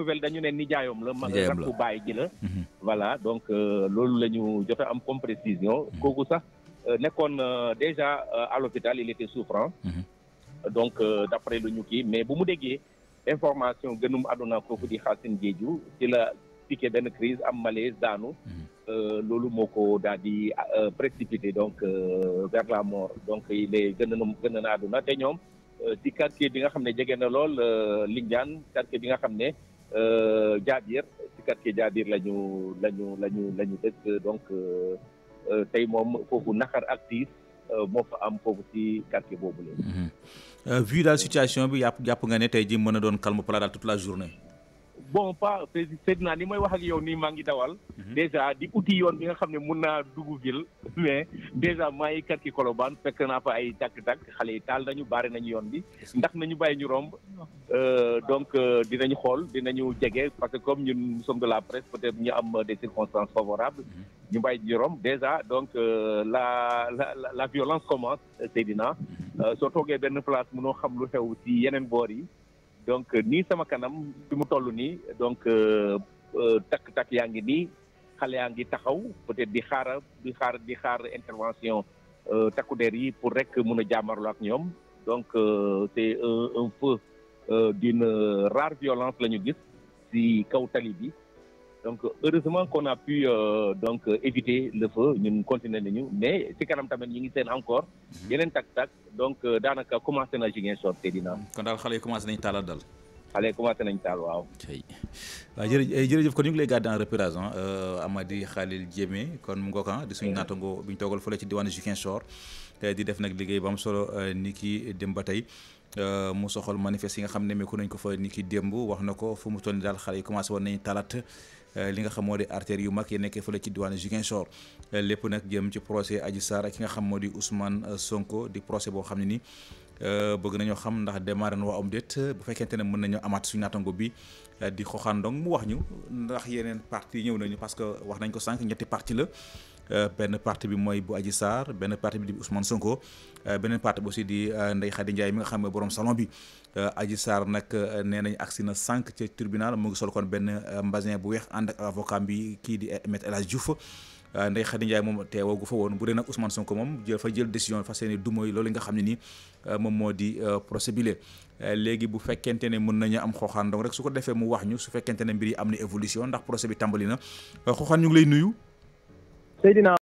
nouvelle dañu ne nijaayoom la mag rakku baay ji la mhm. voilà donc euh, loolu la ñu jot am comme précision mhm. kooku sax euh, nekkoon euh, déjà à l'hôpital il était souffrant mhm. donc d'après lu ñu kii mais bu mu déggee information gënum àdduna kooku di Xaasin Jeeju ci la piqué benn crise am malaise daanu loolu moo ko daal di précipité donc vers la mort donc il est gën na gën na àdduna te ñoom ci quartier bi nga xam ne jege na lool Lindiane quartier bi nga xam ne Euh, Jaabir ci quartier Jaabir la ñu la ñu la ñu la ñu dëkk donc euh, euh, tey moom foofu naqar ak tiis moo fa am foofu ci quartier boobu la. Mhm. vu la situation bi yàpp jàpp nga ne tey ji mën a doon calme plat daal toute la journée. bon pas Seydina ni may wax ak yow nii maa ngi dawal. Mhm. dèjà di uti yoon bi nga xam ne mun naa dugg ville mais dèjà maa ngi kàr ki Colobane fekk naa fa ay tàkk-tàkk xale yi taal nañu baare nañu yoon bi ndax nañu bàyyi ñu romb. Euh, donc euh, dinañu xool dina dinañu jege parce que comme ñun nous sommes de la presse peut-être ñu am des circonstances favorables. Mhm. ñu bàyyi ñu romb dèjà donc euh, la la la violence commence mhm. soo toogee benn place noo xam lu xew ci yeneen boor yi. donc euh, nii sama kanam bi mu toll nii donc euh, euh, takk-takk yaa ngi nii xale yaa ngi taxaw peut-être di xaar di xaar intervention takku der yi pour rek mun a jàmmarloo ak ñoom donc c'est un un feu dina rare violence la ñu gis si kaw tali bi donc heureusement qu'on a pu euh, donc éviter le feu ñun continuer nañu mais ci kanam tamit ñu ngi seen encore mhm. yeneen tak-tak donc euh, daanaka commencé na Ziguinchor te dina mm-hmm. kon daal xale yi commencé nañu taalal daal xale yi commencé nañu taal waaw waaw ah, jërëjëf eh, jërëjëf kon ñu ngi lay gàdde en repérage euh, Amady Khalil Diémé kon mu ngokan di suñu naatango bi ñu toogal fële ci diwaanu Ziguinchor eh, di def nag liggéey ba am solo eh, ni ki dem ba tey Euh, mu soxal manifeste yi nga xam ne meeku nañ ko fa ni ki démb wax na ko fu mu toll nii daal xale yi commencé woon nañu talat euh, li nga xam moo di artères yu mag yi nekkee fële ci diwaanu Ziguinchor euh, lépp nag jëm ci procès Adji Sarr ki nga xam moo di Ousmane Sonko di procès boo xam ne ni bëgg nañoo xam ndax démarré na waa am déet bu fekkente ne mën nañoo amaat suñu naatango bi di xoxaandong mu wax ñu ndax yeneen parti ñëw nañu parce que wax nañ ko sànq ñetti parti la Euh, benn parti bi mooy bu Adji Sarr benn parti bi di Ousmane Sonko euh, beneen parti bi aussi di euh, Ndeye Khady Ndiaye mi nga xam ne borom salon bi Adji Sarr nag nee nañ agsi na sànq ca tribunal mu ngi sol kon benn mbasin bu weex ànd ak avocat bi kii di Maître El Hadji Diouf Ndeye Khady moom teewoo fa woon bu dee nag Ousmane Sonko moom jël fa jël décision fas yéene du mooy loolu nga xam ne ni moom moo di procès bi léegi bu fekkente ne mën nañu am xooxaan donc rek su ko defee mu wax ñu su fekkente ne mbir yi am na évolution ndax procès bi tàmbali na xooxaan ñu ngi lay nuyu. Seydina